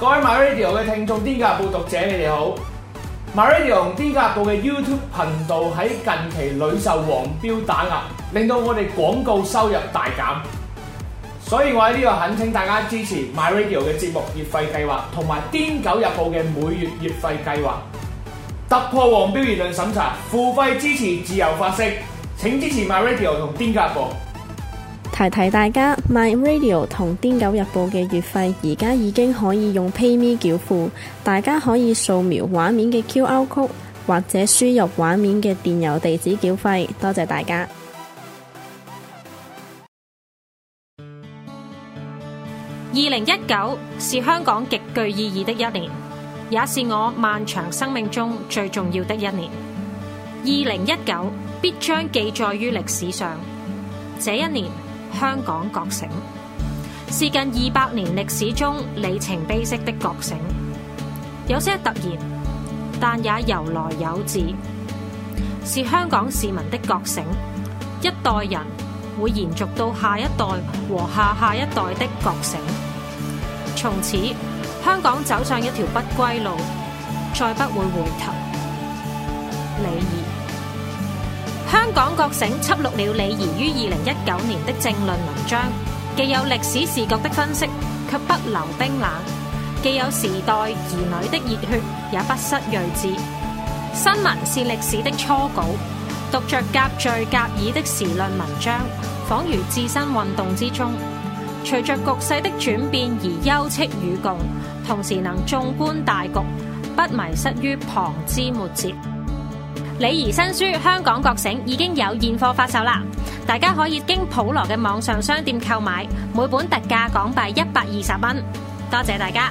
各位 My Radio 嘅聽眾，《癲狗報》讀者，你哋好！My Radio 同《癲狗報》嘅 YouTube 頻道喺近期屢受黃標打壓，令到我哋廣告收入大減。所以我喺呢度懇請大家支持 My Radio 嘅節目月費計劃，同埋《癲狗日報》嘅每月月月費計劃，突破黃標言論審查，付費支持自由發聲，請支持 My Radio 同《癲狗報》。提提大家，My Radio 同《癲狗日報》嘅月費而家已經可以用 PayMe 繳付，大家可以掃描畫面嘅 QR Code，或者輸入畫面嘅電郵地址繳費。多謝大家。二零一九是香港極具意義的一年，也是我漫長生命中最重要的一年。二零一九必將記載於歷史上。這一年，香港覺醒，是近二百年歷史中里程碑式的覺醒，有些突然，但也由來有自，是香港市民的覺醒，一代人會延續到下一代和下下一代的覺醒，從此香港走上一條不歸路，再不會回頭。你。《港覺醒》輯錄了李儀於二零一九年的政論文章，既有歷史視角的分析，卻不流冰冷；既有時代兒女的熱血，也不失睿智。新聞是歷史的初稿，讀着夾敘夾議的時論文章，仿如置身運動之中，隨着局勢的轉變而休戚與共，同時能縱觀大局，不迷失於旁枝末節。李儀新書《香港覺醒》已經有現貨發售啦，大家可以經普羅嘅網上商店購買，每本特價港幣一百二十蚊，多謝大家。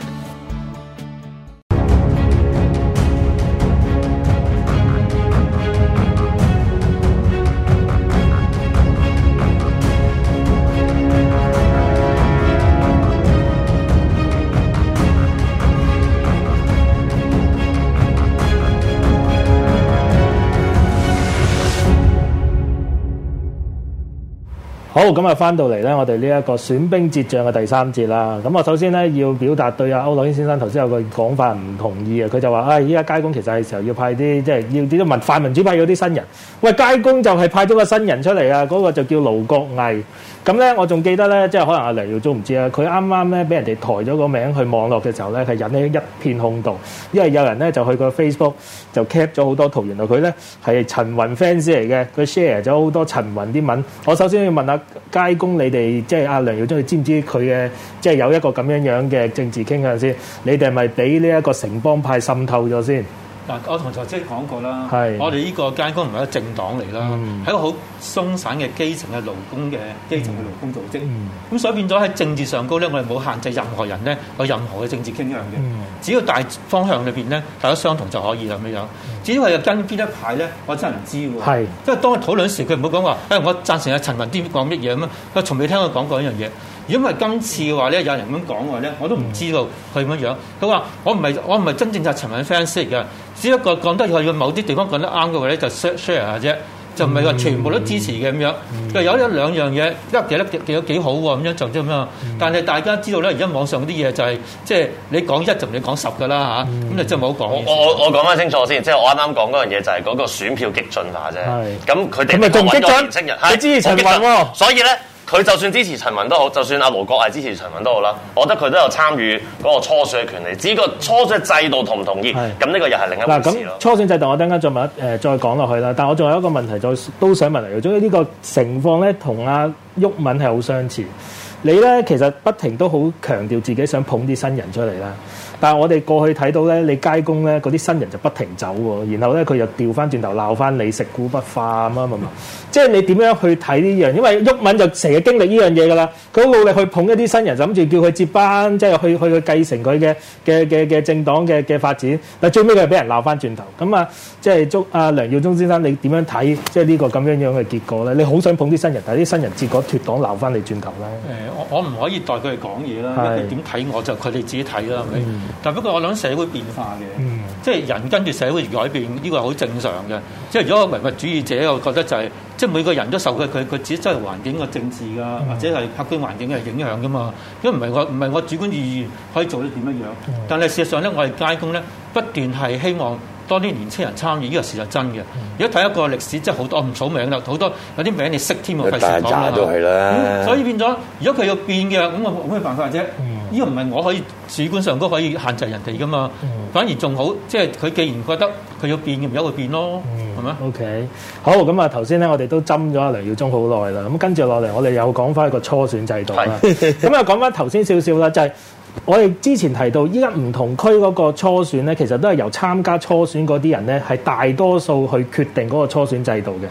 好咁啊，翻到嚟咧，我哋呢一個選兵捷將嘅第三節啦。咁我首先咧要表達對阿區諾軒先生頭先有個講法唔同意啊。佢就話：啊、哎，依家街工其實係時候要派啲，即係要啲都問泛民主派有啲新人。喂，街工就係派咗個新人出嚟啊。嗰、那個就叫盧國毅。咁咧，我仲記得咧，即係可能阿、啊、梁耀忠唔知啊佢啱啱咧俾人哋抬咗個名去網絡嘅時候咧，係引起一片轟動。因為有人咧就去個 Facebook 就 cap 咗好多圖，原來佢咧係陳雲 fans 嚟嘅，佢 share 咗好多陳雲啲文。我首先要問下。街工，你哋即係阿梁耀忠，你知唔知佢嘅即係有一個咁樣樣嘅政治傾向先？你哋係咪俾呢一個城邦派滲透咗先？嗱，我同曹姐講過啦，我哋呢個街工唔係一個政黨嚟啦，係、嗯、一個好鬆散嘅基層嘅勞工嘅基層嘅勞工，工組織。咁、嗯、所以變咗喺政治上高咧，我哋冇限制任何人咧，有任何嘅政治傾向嘅。只要大方向裏面咧，大家相同就可以咁樣樣。至於又跟邊一排咧，我真係唔知喎。係，因為當佢討論時，佢唔好講話，誒、哎、我贊成阿陳雲啲講乜嘢咁樣咩，佢從未聽佢講過一樣嘢。如果唔係今次嘅話咧，有人咁講嘅話咧，我都唔知道佢點樣樣。佢話我唔係我唔係真正就陳雲 fans 嚟嘅，只不過講得佢某啲地方講得啱嘅話咧，就 share share 下啫，就唔係話全部都支持嘅咁樣。佢、嗯嗯、有一兩樣嘢，因為幾多幾幾幾好喎、啊，咁樣就咁樣。但係大家知道咧，而家網上嗰啲嘢就係即係你講一就同你講十噶啦吓，咁你真係冇講。我我我講翻清楚先，即係我啱啱講嗰樣嘢就係嗰個選票激進化啫。咁佢哋係為咗年輕人，你支持陳雲喎、啊，所以咧。佢就算支持陳雲都好，就算阿盧國係支持陳雲都好啦，我覺得佢都有參與嗰個初選嘅權利。至於個初選制度同唔同意，咁呢個又係另一回事。咁初選制度我等間再問一、呃、再講落去啦。但我仲有一個問題再都想問嚟嘅，果、這、呢個情況咧同阿毓民係好相似。你咧其實不停都好強調自己想捧啲新人出嚟啦，但我哋過去睇到咧，你街工咧嗰啲新人就不停走喎，然後咧佢又調翻轉頭鬧翻你食古不化咁啊嘛嘛，即係你點樣去睇呢樣？因為毓民就成日經歷呢樣嘢噶啦，佢好努力去捧一啲新人，諗住叫佢接班，即係去去繼承佢嘅嘅嘅嘅政黨嘅嘅發展。但最尾佢係俾人鬧翻轉頭，咁啊即係祝阿梁耀忠先生你點樣睇即係呢個咁樣樣嘅結果咧？你好想捧啲新人，但啲新人結果脫黨鬧翻你轉頭咧。我我唔可以代佢哋講嘢啦，佢點睇我就佢哋自己睇啦，係咪？嗯、但不過我諗社會變化嘅，嗯、即係人跟住社會而改變，呢、這個係好正常嘅。即係如果我唯物主義者，我覺得就係、是、即係每個人都受佢佢佢自己周圍環境嘅政治啊，嗯、或者係客觀環境嘅影響噶嘛。因為唔係我唔係我主觀意義可以做得點樣樣。但係事實上咧，我哋街工咧，不斷係希望。多啲年青人參與，呢、呢個事實係真嘅。如果睇一個歷史，即係好多唔數名啦，好多有啲名你識添喎。費事講都係啦、嗯。所以變咗，如果佢要變嘅，咁我冇咩辦法啫。呢個唔係我可以主觀上都可以限制人哋噶嘛。嗯、反而仲好，即係佢既然覺得佢要變嘅，咪由佢變咯，係咪？OK，好，咁啊！頭先咧，要很久了跟下來我哋都針咗梁耀忠好耐啦。咁跟住落嚟，我哋又講翻一個初選制度咁啊，講翻頭先少少啦，就係、是。我哋之前提到，依家唔同區嗰個初選咧，其實都係由參加初選嗰啲人咧，係大多數去決定嗰個初選制度嘅。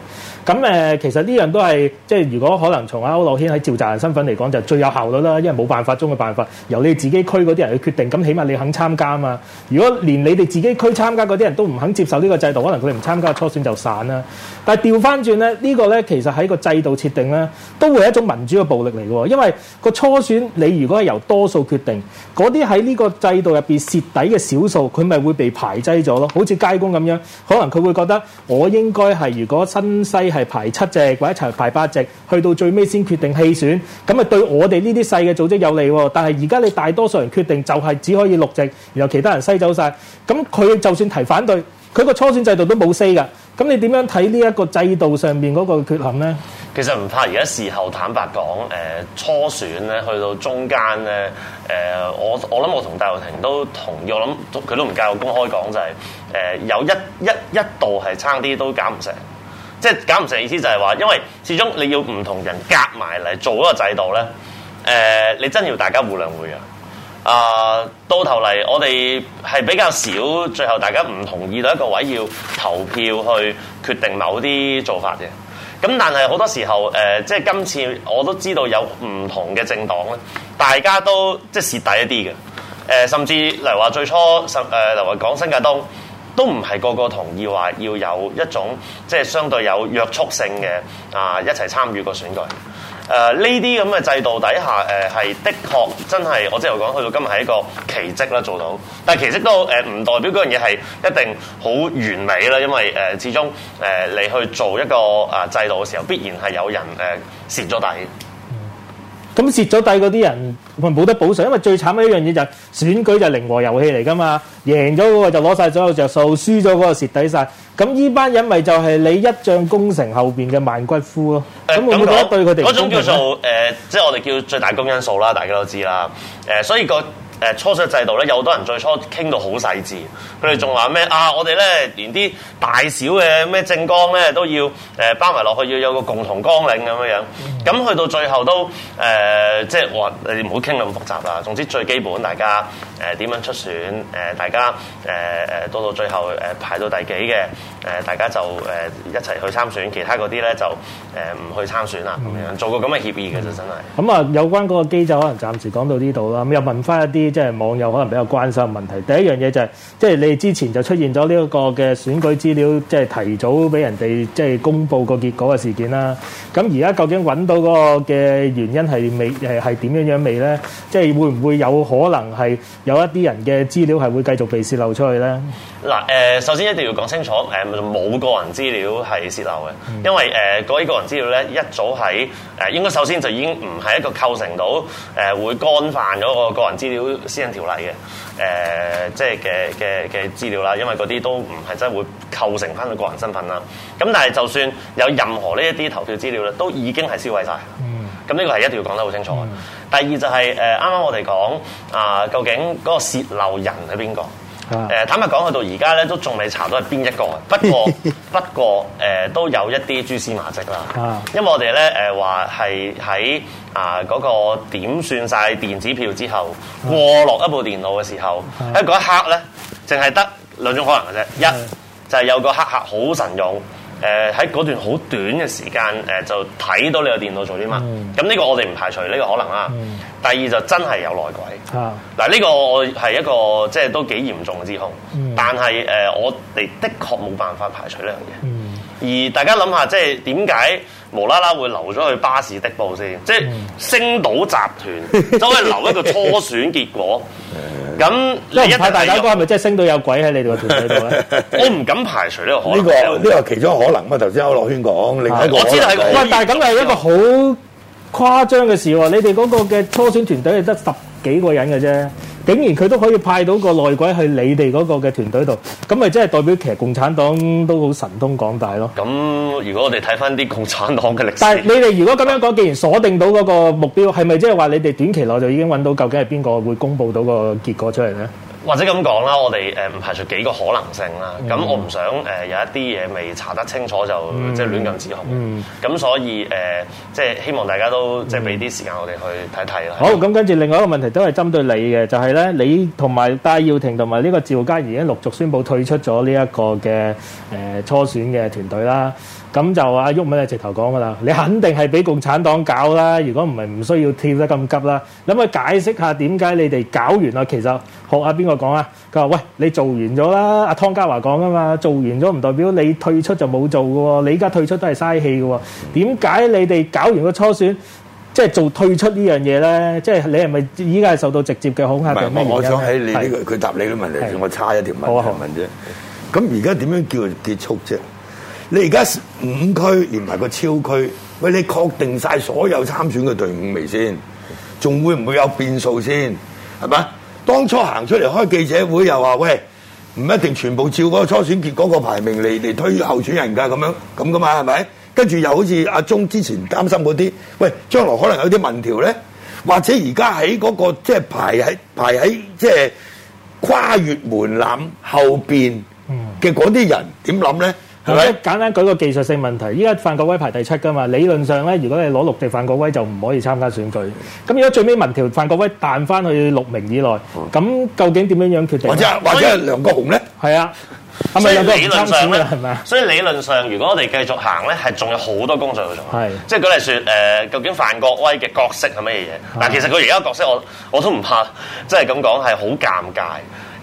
咁誒，其實呢樣都係即係如果可能從阿區諾軒喺召集人身份嚟講，就最有效率啦，因為冇辦法中嘅辦法，由你自己區嗰啲人去決定，咁起碼你肯參加啊嘛。如果連你哋自己區參加嗰啲人都唔肯接受呢個制度，可能佢哋唔參加初選就散啦。但係調翻轉咧，呢個咧其實喺個制度設定咧，都會係一種民主嘅暴力嚟嘅喎，因為個初選你如果係由多數決定。嗰啲喺呢個制度入面蝕底嘅少數，佢咪會被排擠咗咯？好似街工咁樣，可能佢會覺得我應該係如果新西係排七隻，或者一齊排八隻，去到最尾先決定棄選，咁咪對我哋呢啲細嘅組織有利喎。但係而家你大多數人決定就係只可以六隻，然後其他人篩走晒。咁佢就算提反對，佢個初選制度都冇 say 㗎。咁你點樣睇呢一個制度上面嗰個缺陷呢？其實唔怕，而家事後坦白講，誒、呃、初選咧，去到中間咧，誒、呃、我我諗我同戴耀廷都同意，我諗佢都唔介意我公開講，就係、是、誒、呃、有一一一度係差啲都搞唔成，即係搞唔成意思就係話，因為始終你要唔同人夾埋嚟做一個制度咧，誒、呃、你真要大家互諒互讓啊、呃！到頭嚟，我哋係比較少，最後大家唔同意到一個位要投票去決定某啲做法嘅。咁但係好多時候，誒、即係今次我都知道有唔同嘅政黨咧，大家都即係蝕底一啲嘅，誒、呃、甚至例如話最初，誒、例如話講新界東，都唔係個個同意話要有一種即係相對有約束性嘅啊一齊參與個選舉。誒呢啲咁嘅制度底下，誒、呃、係的確真係，我即係講去到今日係一個奇蹟啦做到，但係奇蹟都誒唔、呃、代表嗰樣嘢係一定好完美啦，因為誒、呃、始終誒、呃、你去做一個、呃、制度嘅時候，必然係有人誒蝕咗底。咁蝕咗底嗰啲人，佢冇得補償，因為最慘嘅一樣嘢就係選舉就零和遊戲嚟㗎嘛，贏咗嗰個就攞晒所有著數，輸咗嗰個蝕底晒。咁呢班人咪就係你一仗功成後邊嘅萬骨枯咯。咁會唔會覺得對佢哋嗰種叫做、呃、即係我哋叫最大公因數啦，大家都知啦、呃。所以個。誒初選制度咧，有好多人最初傾到好細致，佢哋仲話咩啊？我哋咧連啲大小嘅咩政綱咧都要、呃、包埋落去，要有個共同綱領咁樣樣，咁去到最後都誒、呃、即係話你唔好傾咁複雜啦。總之最基本，大家誒點、呃、樣出選誒、呃、大家誒誒到到最後誒、呃、排到第幾嘅？誒、呃、大家就誒、呃、一齊去參選，其他嗰啲咧就誒唔、呃、去參選啦，咁樣做個咁嘅協議嘅啫，嗯、就真係。咁啊，有關嗰個機制，可能暫時講到呢度啦。咁又問翻一啲。即係網友可能比較關心嘅問題。第一樣嘢就係，即係你之前就出現咗呢一個嘅選舉資料，即係提早俾人哋即係公布個結果嘅事件啦。咁而家究竟揾到嗰個嘅原因係未呢？係係點樣樣未咧？即係會唔會有可能係有一啲人嘅資料係會繼續被洩漏出去咧？嗱，誒首先一定要講清楚，誒冇個人資料係泄漏嘅。嗯，因為誒嗰啲個人資料咧一早喺誒、呃、應該首先就已經唔係一個構成到誒、呃、會干犯咗個個人資料私隱條例嘅誒，即係嘅嘅嘅資料啦，因為嗰啲都唔係真係會構成翻佢個人身份啦。咁但係就算有任何呢一啲投票資料咧，都已經係銷毀晒。咁、嗯、呢、這個係一定要講得好清楚、嗯。第二就係誒啱啱我哋講啊，究竟嗰個泄漏人係邊個？誒、啊、坦白講，去到而家咧，都仲未查到係邊一個。不過 不過，誒、呃、都有一啲蛛絲馬跡啦、啊。因為我哋咧誒話係喺啊嗰個點算晒電子票之後、啊，過落一部電腦嘅時候，喺、啊、嗰一刻咧，淨係得兩種可能嘅啫、啊。一就係、係、有一個黑客好神勇，誒喺嗰段好短嘅時間，誒、呃、就睇到你個電腦做啲乜。咁、嗯、呢個我哋唔排除呢、呢個可能啊。嗯第二就真係有內鬼，嗱、啊、呢、這個係一個即係都幾嚴重嘅指控，嗯、但係、呃、我哋的確冇辦法排除呢樣嘢、嗯。而大家諗下，即係點解無啦啦會留咗去巴士的報先？即係、嗯、星島集團走去留一個初選結果，咁即係大家嗰個係咪真係星島有鬼喺你哋團隊度咧？ 我唔敢排除呢個可能。呢、這個呢、這個這個其中可能啊！頭先區諾軒講，另外一個可能我知道喂，但係咁係一個好。這個誇張嘅事喎！你哋嗰個嘅初選團隊係得十幾個人嘅啫，竟然佢都可以派到個內鬼去你哋嗰個嘅團隊度，咁咪即係代表其實共產黨都好神通廣大咯！咁如果我哋睇翻啲共產黨嘅歷史，但係你哋如果咁樣講，既然鎖定到嗰個目標，係咪即係話你哋短期內就已經揾到究竟係邊個會公佈到個結果出嚟咧？或者咁講啦，我哋唔排除幾個可能性啦。咁、嗯、我唔想、呃、有一啲嘢未查得清楚就、嗯、即係亂咁指控。咁、嗯、所以、呃、即係希望大家都、嗯、即係俾啲時間我哋去睇睇啦。好，咁跟住另外一個問題都係針對你嘅，就係、是、咧，你同埋戴耀廷同埋呢個趙家賢，已經陸續宣布退出咗呢一個嘅初選嘅團隊啦。咁就阿毓民就直頭講噶啦，你肯定係俾共產黨搞啦。如果唔係唔需要跳得咁急啦。諗佢解釋下點解你哋搞完啦，其實學阿講啊！佢話：喂，你做完咗啦。阿湯家驊講啊嘛，做完咗唔代表你退出就冇做嘅喎。你依家退出都係嘥氣嘅喎。點解你哋搞完個初選，即係做退出這件事呢樣嘢咧？即係你係咪依家係受到直接嘅恐嚇定咩嘢？我想喺你呢、這個佢答你嘅問題，我差一條問題好好問啫。咁而家點樣叫結束啫？你而家五區連埋個超區，喂，你確定晒所有參選嘅隊伍未先？仲會唔會有變數先？係嘛？當初行出嚟開記者會又話喂，唔一定全部照嗰個初選結果個排名嚟嚟推候選人噶，咁樣咁噶嘛，係咪？跟住又好似阿鍾之前擔心嗰啲，喂，將來可能有啲民條咧，或者而家喺嗰個即係排喺排喺即係跨越門檻後面嘅嗰啲人點諗咧？簡單舉個技術性問題，依家范國威排第七噶嘛？理論上咧，如果你攞六地，范國威就唔可以參加選舉。咁如果最尾民調范國威彈翻去六名以內，咁、嗯、究竟點樣樣決定？或者或者梁國雄咧？係啊，咁咪有個理論上咧？係咪啊？所以理論上，如果我哋繼續行咧，係仲有好多工作去做。即係舉嚟說、呃、究竟范國威嘅角色係乜嘢嘢？嗱，但其實佢而家角色我，我我都唔怕，即係咁講，係好尷尬。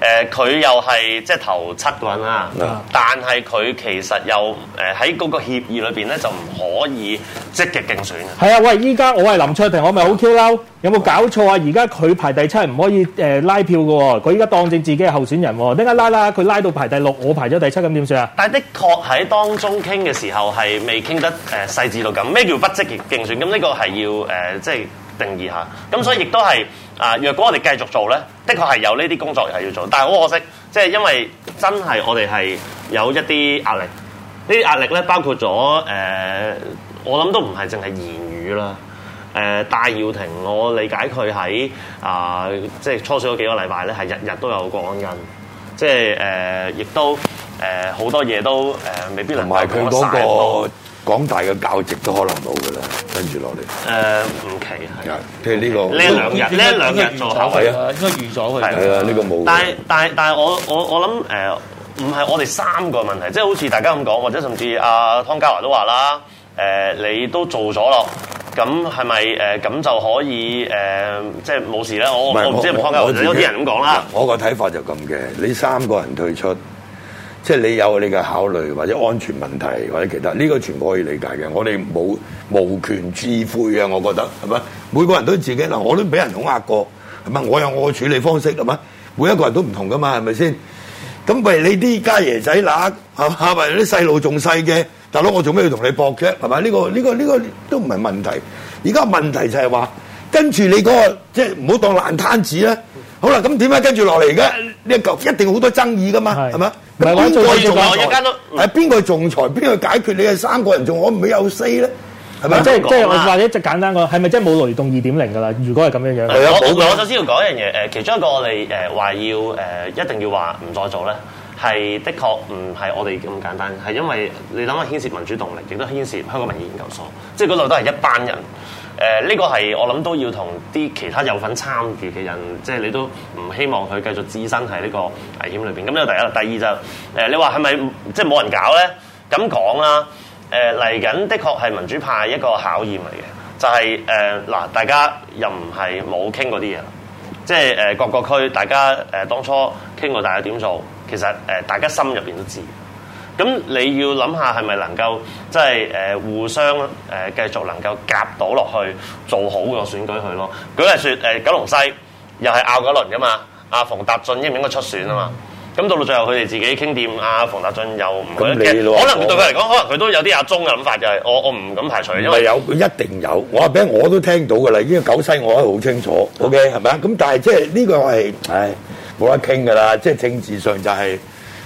誒佢又係即係頭七個人啦，但係佢其實又誒喺嗰個協議裏面咧就唔可以積極競選係啊，啊，喂！依家我係林卓廷，我咪好 Q 嬲。有冇搞錯啊？而家佢排第七唔可以、呃、拉票㗎喎、啊，佢依家當正自己係候選人、啊，點解拉啦？佢拉到排第六，我排咗第七，咁點算啊？但係的確喺當中傾嘅時候係未傾得、呃、細緻到咁。咩叫不積極競選？咁呢個係要、呃、即係定義下。咁所以亦都係。啊！若果我哋繼續做咧，的確係有呢啲工作係要做，但係好可惜，即係因為真係我哋係有一啲壓力。呢啲壓力咧包括咗誒、呃，我諗都唔係淨係言語啦。誒、呃、戴耀廷，我理解佢喺啊，即係初選嗰幾個禮拜咧，係日日都有國安人，即係誒，亦、呃、都誒好、呃、多嘢都誒、呃，未必能解決得到。廣大嘅教值都可能冇嘅啦，跟住落嚟。誒、呃，唔奇係。即係呢個。呢、呢個、兩日，呢兩日做口位啊，應該預咗佢。係啊，呢、呢個冇。但係但係但係我我我諗誒，唔、呃、係我哋三個問題，即、就、係、是、好似大家咁講，或者甚至阿、啊、湯家驊都話啦，誒、呃、你都做咗咯，咁係咪誒咁就可以誒，即係冇事咧？我我唔知阿湯家驊有啲人咁講啦。我個睇法就咁嘅，你三個人退出。即係你有你嘅考慮，或者安全問題，或者其他呢個全部可以理解嘅。我哋冇無權置喙啊，我覺得係咪？每個人都自己嗱，我都俾人恐嚇過，係咪？我有我嘅處理方式，係咪？每一個人都唔同噶嘛，係咪先？咁譬如你啲家爺仔乸係咪？或者細路仲細嘅，大佬我做咩要同你搏嘅？係咪？呢個呢個呢個都唔係問題。而家問題就係話，跟住你嗰個即係唔好當爛攤子啦。好啦，咁點解跟住落嚟家呢，呢、呢個、一定好多爭議噶嘛，係咪？咁我個仲裁？係邊個仲裁？邊個解決？你係三個人仲可唔可以有四咧？係咪即係即係話一隻簡單個？係咪即係冇雷動二點零噶啦？如果係咁樣樣，啊、我我首先要講一樣嘢，其中一個我哋話要一定要話唔再做咧，係的確唔係我哋咁簡單，係因為你諗下牽涉民主動力，亦都牽涉香港民意研究所，即係嗰度都係一班人。誒、呃、呢、這個係我諗都要同啲其他有份參與嘅人，即、就、係、是、你都唔希望佢繼續置身喺呢個危險裏邊。咁咧，第一第二就誒、是呃，你話係咪即係冇人搞咧？咁講啦，誒嚟緊的確係民主派一個考驗嚟嘅，就係誒嗱，大家又唔係冇傾過啲嘢，即係、呃、各個區，大家誒、呃、當初傾過大家點做，其實誒、呃、大家心入邊都知。咁你要諗下係咪能夠即係、誒、互相、呃、繼續能夠夾到落去做好個選舉佢咯？舉例說九龍西又係拗嗰輪噶嘛？阿馮達俊應唔應該出選啊嘛？咁到到最後佢哋自己傾掂，阿馮達俊又唔可能佢對佢嚟講，可能佢都有啲阿中嘅諗法、就是，就係我我唔敢排除。唔係有，佢一定有。我話俾我都聽到㗎啦，因為九西我係好清楚。OK 係咪啊？咁但係即係呢個係唉冇得傾㗎啦，即係政治上就係、是。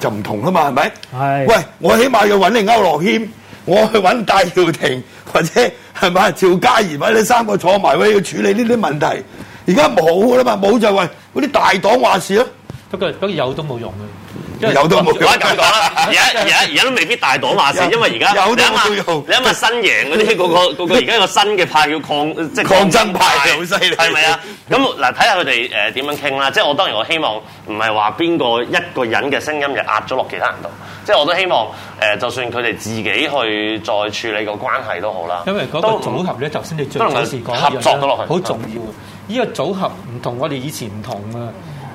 就唔同啦嘛，係咪？係。喂，我起碼要揾你區諾軒，我去揾戴耀廷或者係嘛，趙家賢，揾呢三個坐埋位，要處理呢啲問題。而家冇啦嘛，冇就係嗰啲大黨話事咯。不過，不過有都冇用嘅。有都冇嗰種感覺啦！而家而家而家都未必大黨話事，因為而家你諗下，你諗下新贏嗰啲嗰個而家個新嘅派叫抗即抗爭派，好犀利，係咪啊？咁嗱，睇下佢哋誒點樣傾啦。即係我當然我希望唔係話邊個一個人嘅聲音就壓咗落其他人度。即係我都希望誒，就算佢哋自己去再處理個關係都好啦。因為嗰個組合咧，頭先你最時合作到落去，好重要。呢個組合唔同，我哋以前唔同啊。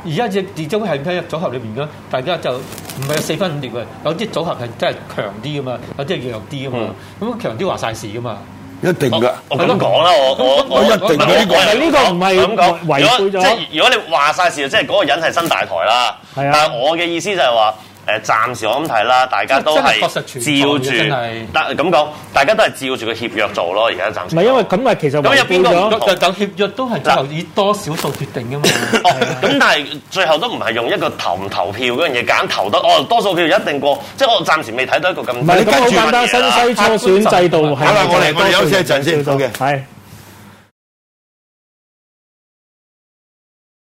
而家隻節目係入組合裏邊嘅？大家就唔係有四分五裂嘅，有啲組合係真係強啲嘅嘛，有啲係弱啲嘅嘛。咁強啲話晒事嘅嘛，一定㗎。我都講啦，我這這我，我，我一定唔可以呢個唔係咁講，為咗，即係如果你話晒事，即係嗰個人係新大台啦。係啊，但係我嘅意思就係話。誒，暫時我咁睇啦，大家都係照住，但係咁講，大家都係照住個協約做咯。而家暫時唔係因為咁，咪其實咁有邊個就等協約都係由以多數決定噶嘛。咁 是、啊、 但係最後都唔係用一個投唔投票嗰樣嘢揀投得，哦多數票一定過，即係我暫時未睇到一個咁。唔係你跟單新西初選制度，啊制度啊啊、我哋我休息一陣先，好嘅，係。Okay. Okay. Hey.